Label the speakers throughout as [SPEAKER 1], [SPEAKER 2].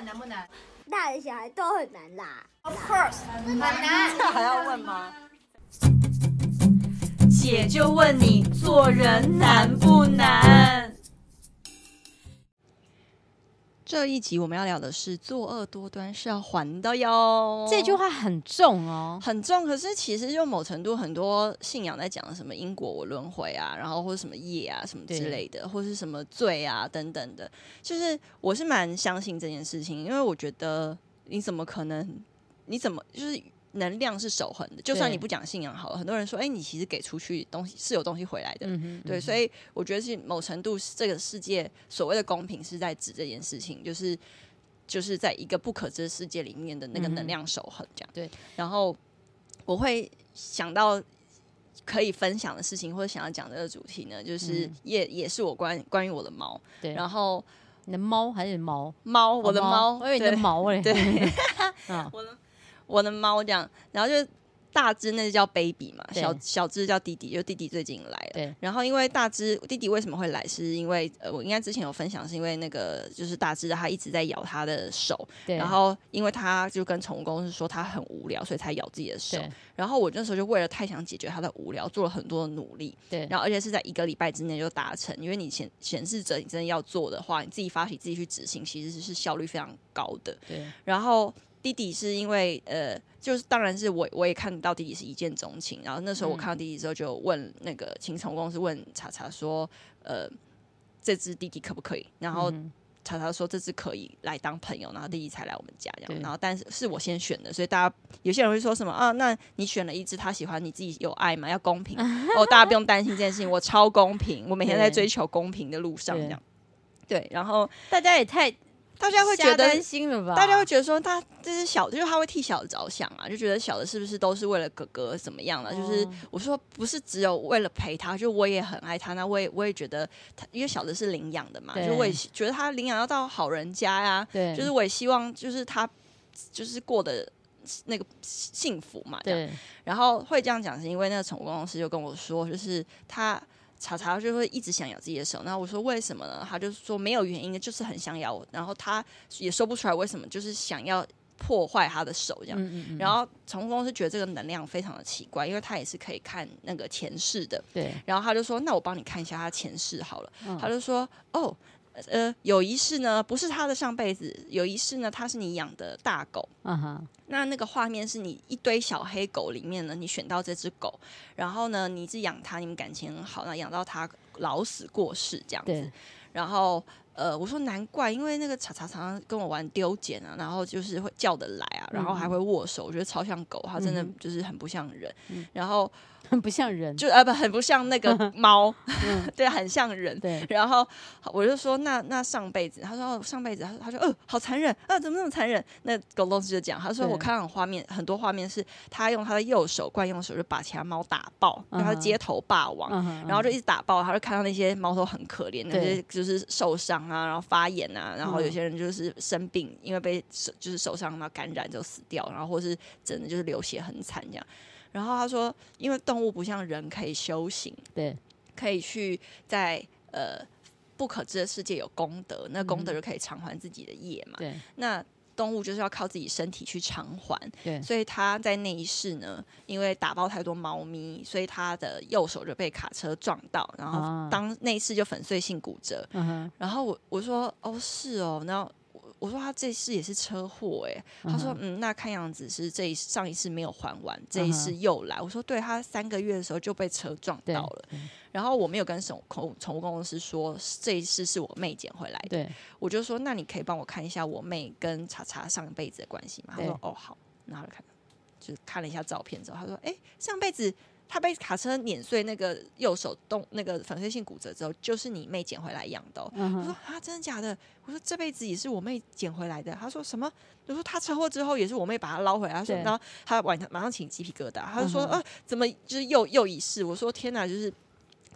[SPEAKER 1] 難不難？大的小孩都很難啦。Of course，難。 還要問嗎？
[SPEAKER 2] 姐就問你做人難不難？這一集我們要聊的是作惡多端是要還的喲，這句話很重哦，很重。可是其實就某程度很多信仰在講什麼因果、我輪迴啊，然後或者什麼業啊、什麼之類的，對或是什麼罪啊等等的。就是我是蠻相信這件事情，因為我覺得你怎麼可能？你怎麼就是？能量是守恆的，就算你不講信仰好了。對很多人說，哎、欸，你其實給出去東西是有東西回來的，嗯、哼對。所以我覺得是某程度，這個世界所謂的公平是在指這件事情，就是就是在一個不可知的世界裡面的那個能量守恆這樣、嗯。對。然後我會想到可以分享的事情或者想要講這個主題呢，就是也也是我關關於我的貓。對。然後
[SPEAKER 1] 你的貓還是貓？貓，我的貓。我以為你的貓哎，對。 啊，我的。
[SPEAKER 2] 我的貓這樣，然後就大隻那隻叫 baby 嘛，對小小隻叫弟弟。就弟弟最近來了，對。然後因為大隻弟弟為什麼會來，是因為、呃、我應該之前有分享，是因為那個就是大隻他一直在咬他的手，對。然後因為他就跟寵物公司說他很無聊，所以才咬自己的手。對然後我那時候就為了太想解決他的無聊，做了很多的努力，對。然後而且是在一個禮拜之內就達成，因為你顯顯示着你真的要做的話，你自己發起自己去執行，其實是，是效率非常高的，對。然後。弟弟是因為呃，就是當然是我我也看到弟弟是一見鍾情，然後那時候我看到弟弟之後就問那個秦寵公是問茶茶說呃，這隻弟弟可不可以？然後茶茶說，這隻可以來當朋友，然後弟弟才來我們家這樣。對然後但是是我先選的，所以大家有些人會說什麼啊？那你選了一隻他喜歡，你自己有愛嘛？要公平 哦，大家不用擔心這件事情，我超公平，我每天在追求公平的路上這樣。對，對，對，然後大家也太。大家會覺得，大家會覺得說，他這是小，就是他會替小的着想啊，就覺得小的是不是都是為了哥哥怎麼樣了啊？就是我說不是只有為了陪他，就我也很愛他，那我也我也覺得，因為小的是領養的嘛，就是我也覺得他領養要到好人家呀，對，就是我也希望就是他就是過得那個幸福嘛，對。然後會這樣講，是因為那個寵物公司就跟我說，就是他。查查就會一直想咬自己的手，那我說為什麼呢？他就是說，沒有原因，就是很想咬我。然後他也說不出來為什麼，就是想要破壞他的手這樣。嗯嗯嗯，然後程峰是覺得這個能量非常的奇怪，因為他也是可以看那個前世的。對。然後他就說：“那我幫你看一下他前世好了。嗯”他就說：“哦。”呃，有一世呢，不是他的上輩子，有一世呢，他是你養的大狗
[SPEAKER 1] ，uh huh.
[SPEAKER 2] 那那個畫面是你一堆小黑狗裡面呢，你選到這隻狗，然後呢，你一直養它，你們感情很好，那養到它老死過世這樣子，對然後。呃，我說難怪，因為那個茶茶常常跟我玩丟撿啊，然後就是會叫得來啊，然後還會握手，我覺得超像狗，嗯、哼它真的就是很不像人，嗯、然後
[SPEAKER 1] 很不像人，就呃，不很
[SPEAKER 2] 不像那個貓， 嗯、 對，很像人，對，然後我就說那那上輩子，他說、哦、上輩子，他說呃，好殘忍啊，怎麼那麼殘忍？那溝通師就講，他說對我看到畫面很多畫面是他用他的右手慣用手就把其他貓打爆，嗯、哼然後他街頭霸王，嗯哼嗯哼然後就一直打爆，他就看到那些貓都很可憐，那些就是受傷。啊，然後發炎啊，然後有些人就是生病，因為被就是受傷嘛，感染就死掉，然後或是真的就是流血很慘這樣。然後他說，因為動物不像人可以修行，對，可以去在呃不可知的世界有功德，那功德就可以償還自己的業嘛。對，那。動物就是要靠自己身體去償還，對，所以他在那一世呢，因為打包太多貓咪，所以他的右手就被卡車撞到，然後當那一世就粉碎性骨折，嗯哼，然後我我說哦是哦，然後。我說他這次也是車禍哎，uh huh. 他說嗯，那看樣子是這一次，上一次沒有還完，這一次又來。Uh huh. 我說對，他三個月的時候就被車撞到了，uh huh. 然後我沒有跟寵寵物公司說這一次是我妹撿回來的，uh huh. 我就說，那你可以幫我看一下我妹跟茶茶上一輩子的關係嗎？Uh huh. 他說哦好，然後看，就看了一下照片之後，他說哎，上輩子。他被卡車碾碎，那個右手動那個粉碎性骨折之後，就是你妹撿回來養的、哦。嗯、哼我說啊，真的假的？我說這輩子也是我妹撿回來的。他說什麼？我說他車禍之後也是我妹把他撈回來。他說對然後他晚上馬上起雞皮疙瘩，他就說、嗯、哼啊，怎麼就是又又一世？我說天哪，就是。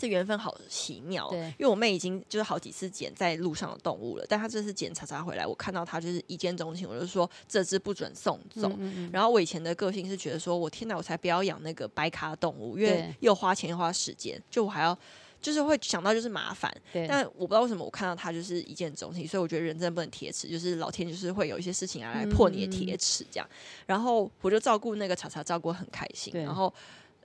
[SPEAKER 2] 這緣分好奇妙，對因為我妹已經就是好幾次撿在路上的動物了，但她這次撿查查回來，我看到她就是一見鍾情，我就說，這隻不准送走。嗯嗯嗯，然後我以前的個性是覺得說，我天哪，我才不要養那個白卡的動物，因為又花錢又花時間，就我還要就是會想到就是麻煩。對但我不知道為什麼我看到她就是一見鍾情，所以我覺得人真不能鐵齒，就是老天就是會有一些事情來破你的鐵齒這樣。嗯嗯嗯，然後我就照顧那個查查，照顧很開心，對然後。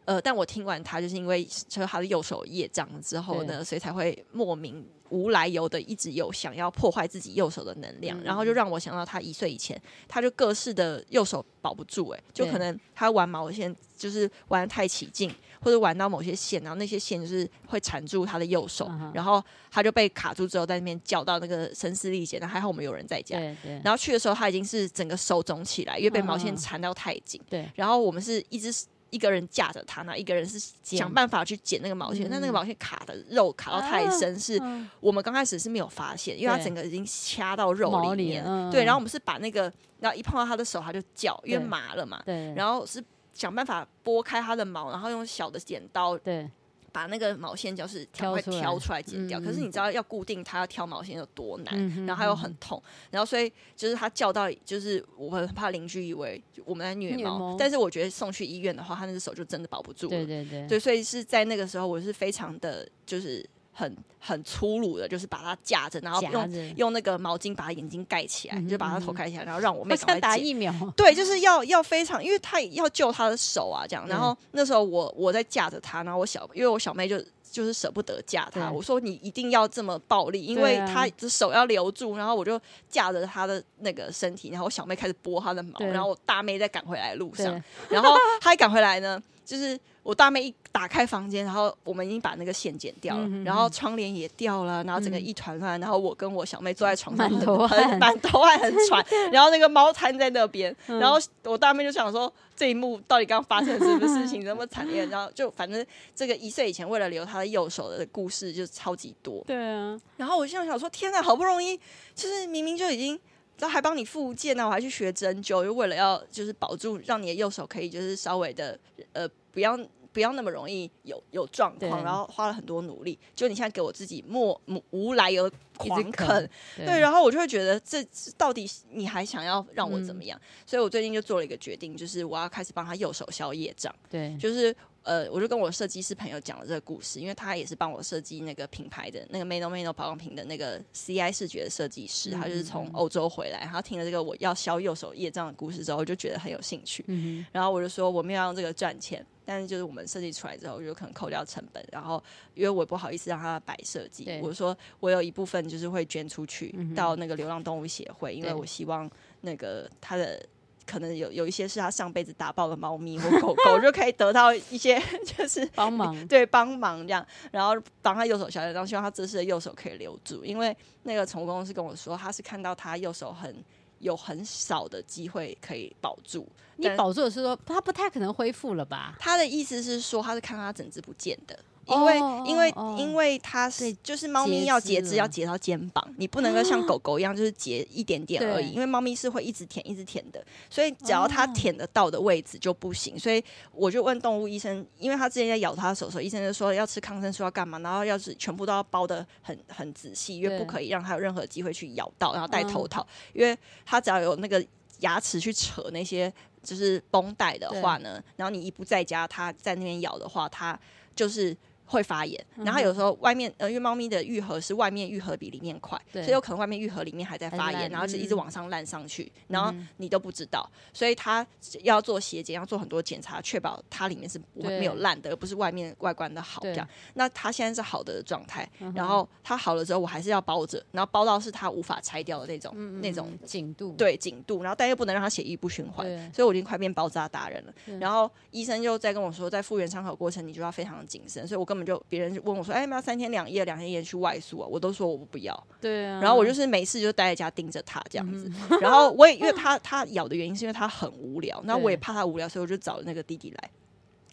[SPEAKER 2] 呃，但我聽完他就是因為說他的右手業障了之後呢，對所以才會莫名無來由的一直有想要破壞自己右手的能量，嗯嗯嗯然後就讓我想到他一歲以前，他就各式的右手保不住，欸，哎對，就可能他玩毛線就是玩得太起勁，或者玩到某些線，然後那些線就是會纏住他的右手，啊、哈然後他就被卡住之後在那邊叫到那個聲嘶力竭，那還好我們有人在家，對對，然後去的時候他已經是整個手腫起來，因為被毛線纏到太緊，對、啊哈，然後我們是一直。一個人架着他，那一個人是想辦法去剪那個毛線，嗯、但那個毛線卡的肉卡到太深，啊、是我們剛開始是沒有發現，對因為他整個已經掐到肉裡面。裡啊、對，然後我們是把那個，然後一碰到他的手他就叫，因為麻了嘛。對，對然後是想辦法撥開他的毛，然後用小的剪刀。對。把那個毛線就是挑出來，挑出來剪掉。可是你知道要固定它要挑毛線有多難？嗯哼嗯哼，然後它又很痛，然後所以就是他叫到，就是我很怕鄰居以為我們在虐貓，毛但是我覺得送去醫院的話，他那只手就真的保不住了。對對對，對，所以是在那個時候，我是非常的就是。很很粗魯的，就是把他架着，然後用的用那個毛巾把他眼睛蓋起來，嗯嗯嗯就把他頭蓋起來，然後讓我妹在打疫苗。對，就是要要非常，因為他要救他的手啊，這樣。然後、嗯、那時候我我在架着他，然後我小因為我小妹就。就是捨不得架他，對我說，你一定要這麼暴力，因為他的手要留住，然後我就架着他的那個身體，然後我小妹開始撥他的毛，對然後我大妹在趕回來的路上，對然後她一趕回來呢，就是我大妹一打開房間，然後我們已經把那個線剪掉了，嗯嗯然後窗簾也掉了，嗯、然後整個一團亂，然後我跟我小妹坐在床上很，滿頭還很喘， 然後那個貓癱在那邊，嗯、然後我大妹就想說。這一幕到底剛剛發生什麼事情？那麼慘烈，然後就反正這個一歲以前為了留他的右手的故事就超級多。對啊，然後我現在想說，天哪，好不容易，就是明明就已經，然後還幫你復健啊，我還去學針灸，又為了要就是保住，讓你的右手可以就是稍微的呃不要。不要那麼容易有有狀況，對然後花了很多努力。就你現在給我自己莫無，無來由狂啃，對，對然後我就會覺得這到底你還想要讓我怎麼樣？嗯，所以我最近就做了一個決定，就是我要開始幫他右手消業障，對，就是。呃，我就跟我設計師朋友講了這個故事，因為他也是幫我設計那個品牌的那個 Mano Mano 保養品的那個 C I 視覺的設計師，他就是從歐洲回來，他聽了這個我要銷右手業這樣的故事之後，我就覺得很有興趣。嗯、哼然後我就說我們要用這個賺錢，但是就是我們設計出來之後，我就可能扣掉成本。然後因為我也不好意思讓他擺設計，對我就說我有一部分就是會捐出去到那個流浪動物協會，因為我希望那個他的。可能有有一些是他上輩子打爆的貓咪或狗狗， 就可以得到一些就是幫忙，對幫忙這樣，然後幫他右手消炎，然後希望他這次的右手可以留住。因為那個寵物公司跟我說，他是看到他右手很有很少的機會可以保住。
[SPEAKER 1] 你保住
[SPEAKER 2] 的是說他不太可能恢復了吧？他的意思是說，他是看他整隻不見的。因為、哦、因為、哦、因為它是對就是貓咪要截肢要截到肩膀，你不能夠像狗狗一樣就是截一點點而已。啊、因為貓咪是會一直舔一直舔的，所以只要它舔得到的位置就不行。哦、所以我就問動物醫生，因為他之前在咬他的手的時候，所醫生就說要吃抗生素要幹嘛，然後要是全部都要包得很很仔細，因為不可以讓它有任何機會去咬到，然後戴頭套，嗯、因為它只要有那個牙齒去扯那些就是繃帶的話呢，對然後你一不在家，他在那邊咬的話，它就是。會發炎，然後有時候外面呃，因為貓咪的愈合，是外面愈合比裡面快，所以有可能外面愈合，裡面還在發炎，然後就一直往上爛上去，然後你都不知道，所以它要做血檢，要做很多檢查，確保它裡面是沒有爛的，而不是外面外觀的好。這樣，那它現在是好的狀態，然後它好了之後，我還是要包着，然後包到是它無法拆掉的那種那種緊度，對，緊度，然後但又不能讓它血液不循環，所以我已經快變包扎達人了。然後醫生就在跟我說，在復原傷口過程，你就要非常的謹慎，所以我跟。他們就別人問我說：“哎、欸，要不要三天兩夜、兩天一夜去外宿啊？”我都說我不，不要。
[SPEAKER 1] 對啊，然後我就是
[SPEAKER 2] 每次就待在家盯着他這樣子。嗯、然後我也因為他 他咬的原因是因為他很無聊，那我也怕他無聊，所以我就找那個弟弟來。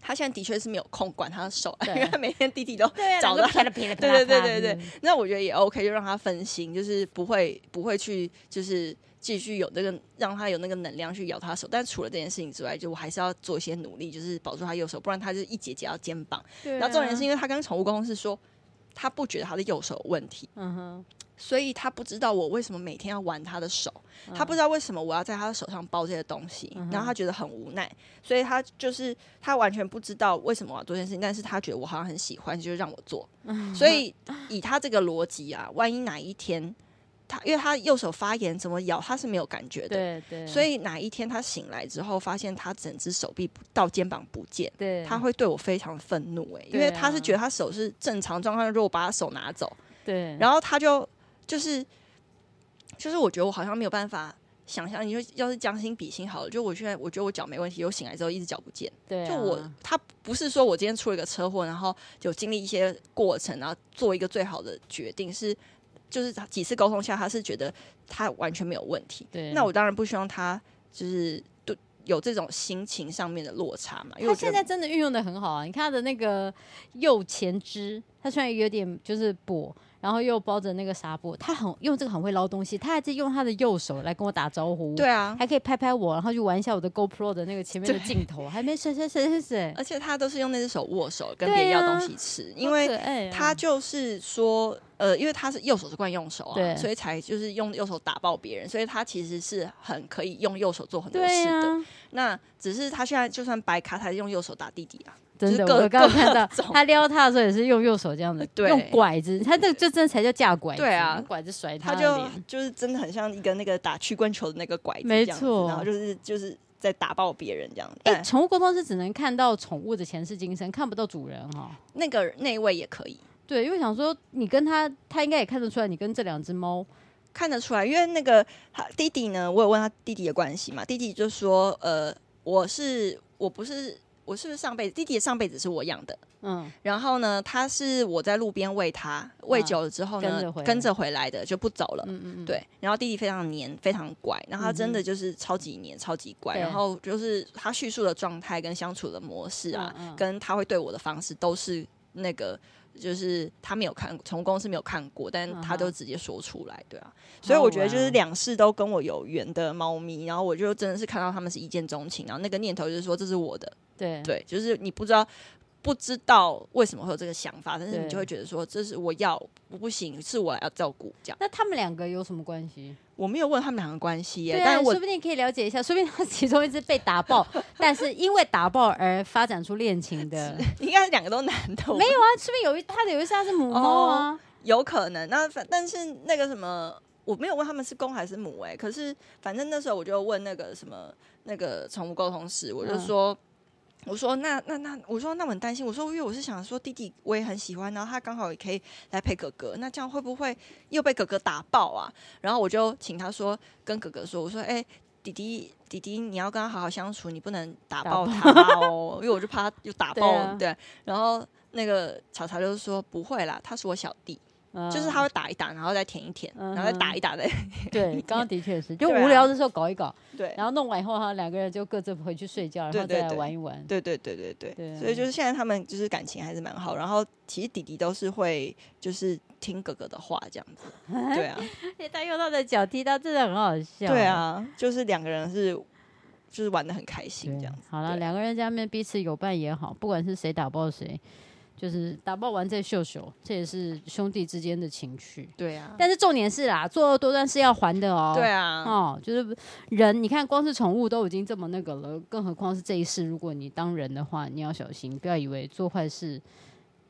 [SPEAKER 2] 他現在的確是沒有空管他的手，對因為他每天弟弟
[SPEAKER 1] 都找個別的別的，對對對對對，
[SPEAKER 2] 那我覺得也 OK，就讓他分心，就是不會不會去，就是繼續有這、那個讓他有那個能量去咬他的手。但除了這件事情之外，就我還是要做一些努力，就是保住他右手，不然他就一節節到肩膀。對啊，然後重點是因為他跟寵物公司說。他不覺得他的右手有問題，uh huh. 所以他不知道我為什麼每天要玩他的手，uh huh. 他不知道為什麼我要在他的手上包這些東西，uh huh. 然後他覺得很無奈，所以他就是他完全不知道為什麼我要做這件事情，但是他覺得我好像很喜歡，就讓我做，uh huh. 所以以他這個邏輯啊，萬一哪一天，他因為他右手發炎，怎麼咬他是沒有感覺的，對對。所以哪一天他醒來之後，發現他整隻手臂到肩膀不見，對，他會對我非常憤怒，哎，因為他是覺得他手是正常狀況，如果把他手拿走，
[SPEAKER 1] 對。然
[SPEAKER 2] 後他就就是就是，我覺得我好像沒有辦法想象，你說要是將心比心好了，就我現在我覺得我腳沒問題，我醒來之後一隻腳不見，對，就我他不是說我今天出了一個車禍，然後就經歷一些過程，然後做一個最好的決定是。就是幾次溝通下，他是覺得他完全沒有問題。對，那我當然不希望他就是對有這種心情上面的落差嘛。因為他現在真的運
[SPEAKER 1] 用得很好啊！你看他的那個右前肢，他雖然有點就是跛，然後又包着那個紗布，他很用這個很會撈東西。他還在用他的右手來跟我打招呼，對啊，還可以拍拍我，然後去玩一下我的 GoPro 的那個前面的鏡頭，對還沒睡睡睡睡睡。而
[SPEAKER 2] 且他都是用那只手握手跟別人要東西吃，啊、因為他就是說。呃，因為他是右手是慣用手啊，所以才就是用右手打爆別人，所以他其實是很可以用右手做很多事的。那只是他現在就算白卡，他也用右手打弟弟啊。
[SPEAKER 1] 真的，我剛剛看到他撩他的時候也是用右手這樣子，對，用拐子。他這這真才叫架拐，對啊，
[SPEAKER 2] 拐子甩他，他就就是真的很像一個那個打曲棍球的那個拐子，沒錯，然後就是就是在打爆別人這樣。哎，
[SPEAKER 1] 寵物溝通是只能看到寵物的前世今生，看不到主人哈。那個那一位也可以。對，因為想說你跟他，他應該也看得出來，你跟這兩隻貓看得出來。因為那個弟弟呢，我有問他
[SPEAKER 2] 弟弟的關係嘛，弟弟就說：“呃，我是我不是我是不是上輩子弟弟上輩子是我養的，嗯，然後呢，他是我在路邊餵他，餵久了之後呢，啊、跟着跟着回來的，就不走了，嗯嗯，嗯嗯對。然後弟弟非常黏，非常乖，然後他真的就是超級黏，超級乖。嗯、然後就是他敘述的狀態跟相處的模式啊，嗯嗯、跟他會對我的方式都是那個。”就是他沒有看，從公司沒有看過，但他都直接說出來，uh huh. 對啊，所以我覺得就是兩世都跟我有緣的貓咪，然後我就真的是看到他們是一見鍾情，然後那個念頭就是說這是我的，對、uh huh. 對，就是你不知道。不知道為什麼會有這個想法，但是你就會覺得說這是我要，我不行是我要照顧這樣。那
[SPEAKER 1] 他們兩個有什麼關係？我沒有問他們兩個關係耶，但說不定可以了解一下，說不定他其中一隻被打爆， 但是因為打爆而發展出戀情的，
[SPEAKER 2] 應該兩個都男的。沒有啊，說不定有一他的有一下是母貓啊、哦，有可能。那反但是那個什麼，我沒有問他們是公還是母哎、欸，可是反正那時候我就問那個什麼那個寵物溝通師，我就說。嗯我說那那那我說那我很擔心，我說因為我是想說弟弟我也很喜歡，然後他剛好也可以來陪哥哥，那這樣會不會又被哥哥打爆啊？然後我就請他說跟哥哥說，我說哎、欸、弟弟弟弟你要跟他好好相處，你不能打爆他哦，打爆 因為我就怕他又打爆 對、啊、對。然後那個查查就說不會啦，他是我小弟。嗯、就是他會打一打，然後再舔一舔，然後再打一打的。
[SPEAKER 1] 對，剛剛的確是，就無聊的時候搞一搞。對、啊，然後弄完以後哈，兩個人就各自回去睡覺，對對對，然後再來玩一玩。對，對對對對對。對
[SPEAKER 2] 啊、所以就是現在他們就是感情還是蠻好，然後其實弟弟都是會就是聽哥哥的話這樣子。
[SPEAKER 1] 對啊。他 用他的腳踢他，真的很好笑、啊。對啊，就是兩個人是就是玩得很開心這樣子。好啦，兩對個人下面彼此有伴也好，不管是誰打爆誰。就是打包完再秀秀，這也是兄弟之間的情趣。對啊，但是重點是啊，作惡多端是要還的喔。對啊，哦，就是人，你看，光是寵物都已經這麼那個了，更何況是這一世。如果你當人的話，你要小心，不要以為做壞事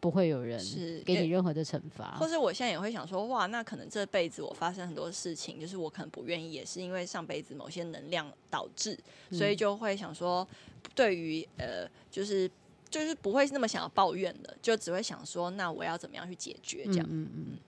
[SPEAKER 1] 不會有人是給你任何的懲罰。或
[SPEAKER 2] 是我現在也會想說，哇，那可能這輩子我發生很多事情，就是我可能不願意，也是因為上輩子某些能量導致，所以就會想說，對於呃，就是。就是不會那麼想要抱怨的，就只會想說，那我要怎麼樣去解決這樣。
[SPEAKER 1] 嗯嗯嗯。